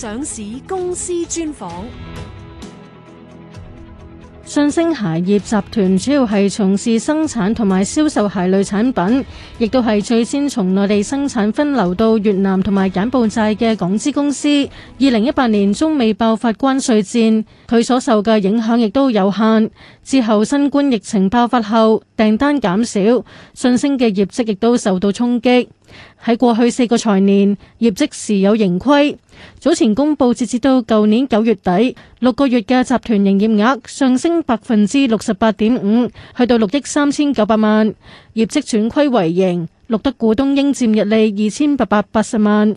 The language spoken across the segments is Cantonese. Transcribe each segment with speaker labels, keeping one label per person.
Speaker 1: 上市公司專訪。 信星鞋業集團主要係從事生產同埋銷售鞋類產品，亦都係最先從內地生產分流到越南同埋柬埔寨嘅港資公司。二零一八年中美爆發關稅戰，佢所受嘅影響亦都有限。之後新冠疫情爆發後，訂單減少，信星嘅業績亦都受到衝擊。喺過去四個財年，業績時有盈虧。早前公布，截至到舊年九月底六個月嘅集團營業額上升百分之六十八點五，去到六億三千九百萬。業績轉虧為盈，錄得股東應佔溢利二千八百八十萬，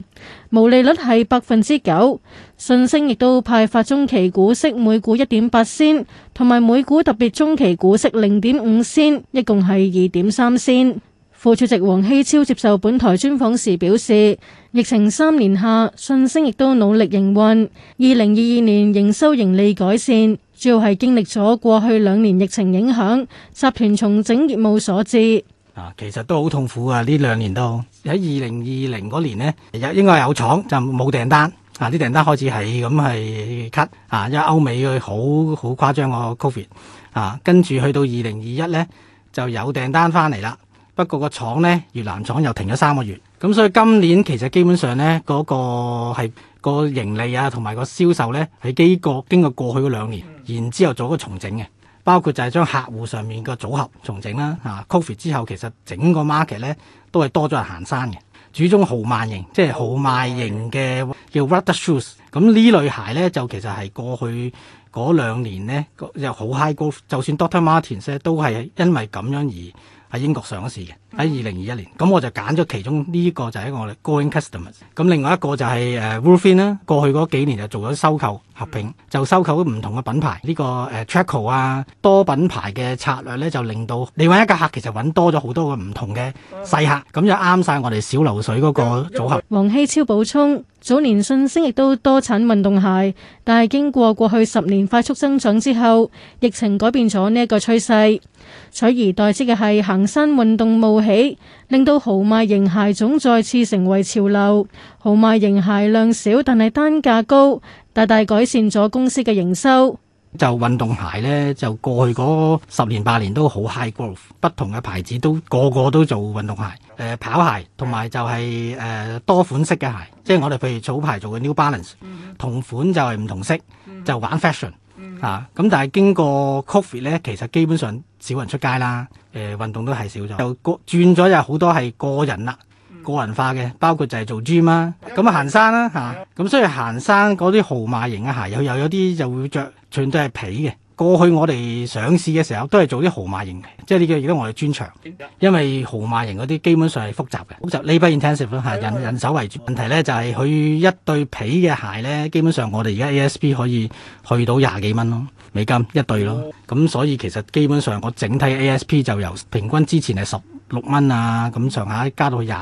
Speaker 1: 毛利率係百分之九。信星亦都派發中期股息每股一點八仙，同埋每股特別中期股息零點五仙，一共係二點三仙。副主席黃禧超接受本台專訪時表示，疫情三年下，信星亦都努力營運。二零二二年營收盈利改善，主要係經歷咗過去兩年疫情影響，集團重整業務所致。啊，其實
Speaker 2: 都好痛苦啊！呢兩年都喺二零二零嗰年咧，有應該有廠就冇訂單啊，啲訂單開始係咁係 cut 啊，因為歐美佢好好誇張個 COVID 啊，跟住去到二零二一咧就有訂單翻嚟啦。不過個廠咧，越南廠又停咗三個月，咁所以今年其實基本上咧，嗰、嗰個係、嗰個盈利啊，同埋個銷售咧，係基過經過過去嗰兩年，然之後做個重整嘅，包括就係將客戶上面個組合重整啦。嚇 COVID 之後其實整個 market 咧都係多咗人行山嘅，主攻豪萬型，即係豪萬型嘅叫 rut shoes，咁呢類鞋咧就其實係過去嗰兩年咧又好 high growth，就算 Doctor Martens 咧都係因為咁樣而。喺英國上市嘅。喺二零二一年，咁我就揀咗其中呢一個就係我哋 going customers，咁另外一個就係誒 Wolfie 啦。過去幾年就做咗收購合併就收購咗唔同嘅品牌。呢、這個誒 Trackle 啊，多品牌嘅策略咧，就令到另外一個客其實揾多咗好多個唔同嘅細客，咁就啱晒我哋小流水個組合。
Speaker 1: 黃希超補充：早年信星亦都多產運動鞋，但係經過過去十年快速增長之後疫情改變咗呢一個趨勢取而代之嘅係行山運動。帽。起令到豪邁型鞋種再次成為潮流。豪邁型鞋量少，但係單價高，大大改善咗公司嘅營收。
Speaker 2: 就運動鞋呢，就過去嗰十年八年都好 high growth，不同嘅牌子都個個都做運動鞋，誒、呃、跑鞋同埋就係、是、誒、呃、多款式嘅鞋，即係我哋譬如早排做嘅 New Balance，同款就係唔同色，就玩 fashion。吓，咁、啊、但係經過 COVID 咧，其實基本上少人出街啦，誒、呃、運動都係少咗，又轉咗有好多係個人啦，嗯、個人化嘅，包括就係做 gym 啦，咁啊、嗯、行山啦、啊、吓，咁、啊、所以行山啲號碼型嘅鞋，又又有啲就會着全都係皮嘅。過去我哋上市嘅時候都係做啲豪馬型嘅，即係呢個而家我哋專長，因為豪馬型嗰啲基本上係複雜嘅，複雜，Labor Intensive 咯，係人人手為主。問題咧就係佢一對皮嘅鞋咧，基本上我哋而家 ASP 可以去到廿幾蚊咯。美金一對咯，咁所以其實基本上我整體 ASP 就由平均之前係十六蚊啊，咁上下加到廿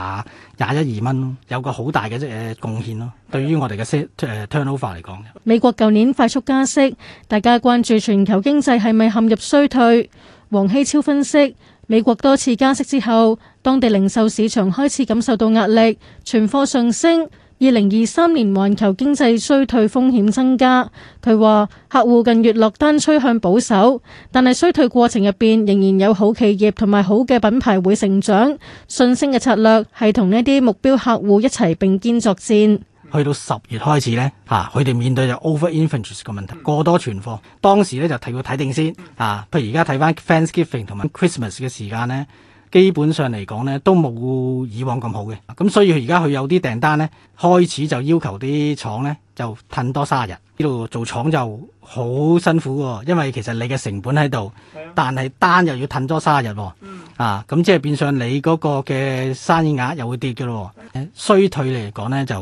Speaker 2: 廿一二蚊，有個好大嘅誒貢獻咯，對於我哋嘅 turnover 嚟講。
Speaker 1: 美國舊年快速加息，大家關注全球經濟係咪陷入衰退？黃禧超分析，美國多次加息之後，當地零售市場開始感受到壓力，存貨上升。二零二三年環球經濟衰退風險增加，佢話客戶近月落單趨向保守，但係衰退過程入邊仍然有好企業同埋好嘅品牌會成長。信星嘅策略係同呢啲目標客戶一齊並肩作戰。
Speaker 2: 去到十月開始呢，吓佢哋面對就 over inventory 嘅問題，過多存貨。當時呢，就提過睇定先，吓、啊、譬如而家睇翻 Thanksgiving 同埋 Christmas 嘅時間呢。基本上嚟講咧，都冇以往咁好嘅，咁所以而家佢有啲訂單咧，開始就要求啲廠咧就褪多卅日，呢度做廠就好辛苦喎、哦，因為其實你嘅成本喺度，但係單又要褪多卅日、哦，嗯、啊，咁即係變相你嗰個嘅生意額又會跌嘅咯、哦，衰退嚟講咧就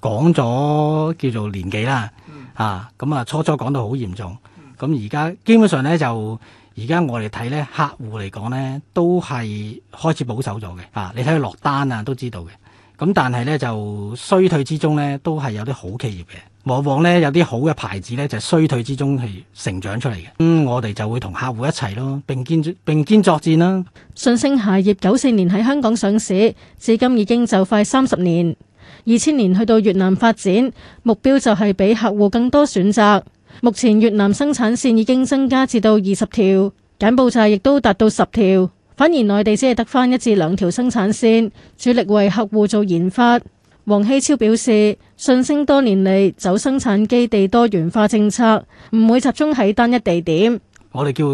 Speaker 2: 講咗叫做年紀啦，嗯、啊，咁啊初初講到好嚴重，咁而家基本上咧就。而家我哋睇咧，客戶嚟講咧，都係開始保守咗嘅。啊，你睇佢落單啊，都知道嘅。咁但係咧，就衰退之中咧，都係有啲好企業嘅。往往咧，有啲好嘅牌子咧，就衰退之中係成長出嚟嘅。咁我哋就會同客戶一齊咯，並肩並肩作戰啦。
Speaker 1: 信星鞋業九四年喺香港上市，至今已經就快三十年。二千年去到越南發展，目標就係俾客戶更多選擇。目前越南生產線已經增加至到二十條，柬埔寨亦都達到十條，反而內地只係得翻一至兩條生產線，主力為客戶做研發。黃禧超表示，信星多年嚟走生產基地多元化政策，唔會集中喺單一地點。
Speaker 2: 我哋叫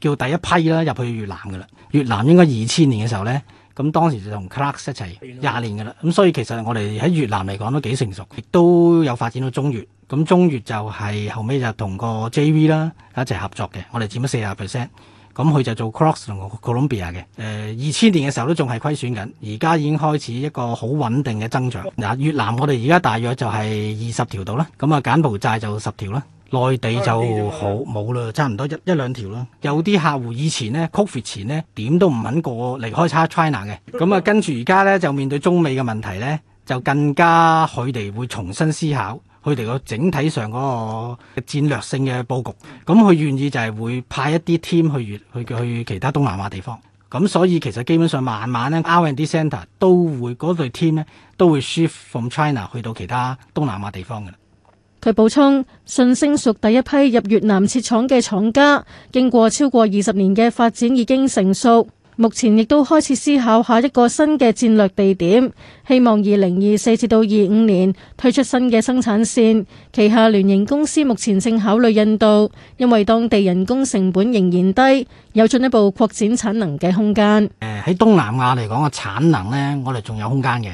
Speaker 2: 叫第一批啦入去越南噶啦，越南應該二千年嘅時候呢。咁當時就同 Clarks 一齊廿年噶啦，咁所以其實我哋喺越南嚟講都幾成熟，亦都有發展到中越。咁中越就係後尾就同個 JV 啦一齊合作嘅，我哋佔咗四十 percent。咁佢就做 Clarks 同 Colombia 嘅。誒，二千年嘅時候都仲係虧損緊，而家已經開始一個好穩定嘅增長。嗱，越南我哋而家大約就係二十條度啦，咁啊柬埔寨就十條啦。內地就好冇啦，差唔多一一兩條啦。有啲客戶以前呢，Covid 前呢點都唔肯過離開 China 嘅。咁啊，跟住而家呢，就面對中美嘅問題呢，就更加佢哋會重新思考佢哋個整體上嗰個戰略性嘅佈局。咁佢願意就係會派一啲 team 去去去，去其他東南亞地方。咁所以其實基本上慢慢呢，R and D centre 都會嗰隊 team 呢，都會 shift from China 去到其他東南亞地方嘅。
Speaker 1: 佢補充：信星屬第一批入越南設廠嘅廠家，經過超過二十年嘅發展已經成熟，目前亦都開始思考下一個新嘅戰略地點，希望二零二四至到二五年推出新嘅生產線。旗下聯營公司目前正考慮印度，因為當地人工成本仍然低，有進一步擴展產能嘅空間。
Speaker 2: 喺、呃、東南亞嚟講嘅產能呢，我哋仲有空間嘅。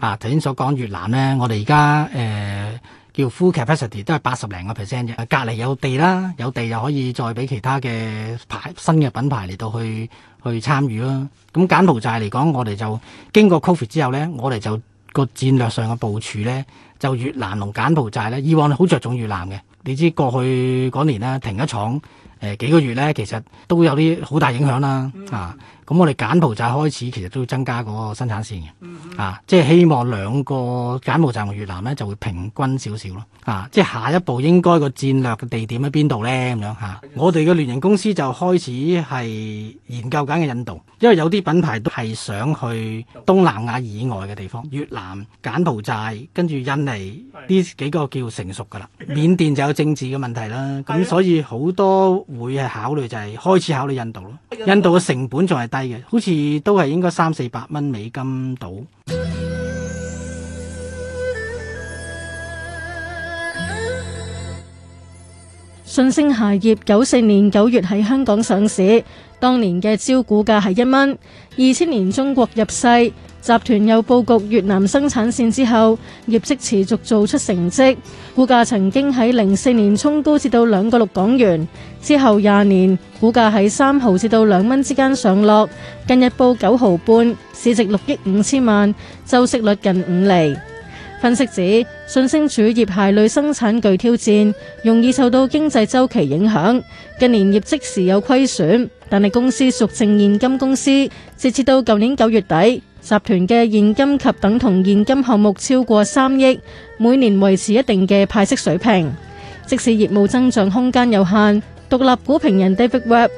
Speaker 2: 啊頭先所講越南呢，我哋而家誒。呃叫 full capacity 都係八十零個 percent 嘅，隔離有地啦，有地又可以再俾其他嘅牌新嘅品牌嚟到去去參與咯。咁柬埔寨嚟講，我哋就經過 COVID 之後咧，我哋就個戰略上嘅部署咧，就越南同柬埔寨咧，以往好着重越南嘅，你知過去嗰年咧停一廠誒幾個月咧，其實都有啲好大影響啦啊。嗯咁我哋柬埔寨開始其實都增加嗰個生產線嘅、嗯啊，啊，即係希望兩個柬埔寨同越南咧就會平均少少咯，啊，即係下一步應該個戰略嘅地點喺邊度呢？咁樣嚇、啊？我哋嘅聯營公司就開始係研究緊嘅印度，因為有啲品牌都係想去東南亞以外嘅地方，越南、柬埔寨跟住印尼呢是幾個叫成熟㗎啦，緬甸就有政治嘅問題啦，咁的所以好多會係考慮就係開始考慮印度咯，印度嘅成本仲係低。好似都係應該三四百蚊美金到。
Speaker 1: 信星鞋業九四年九月喺香港上市，當年嘅招股價係一蚊。二千年中國入世，集團又布局越南生產線之後，業績持續做出成績，股價曾經喺零四年沖高至到兩個六港元，之後廿年股價喺三毫至到兩蚊之間上落，近日報九毫半，市值六億五千萬，周息率近五厘。分析指，信星主業鞋類生產具挑戰，容易受到經濟周期影響。近年業績時有虧損，但係公司屬正現金公司，截至到舊年9月底，集團嘅現金及等同現金項目超過3億，每年維持一定嘅派息水平。即使業務增長空間有限，獨立股評人 David Webb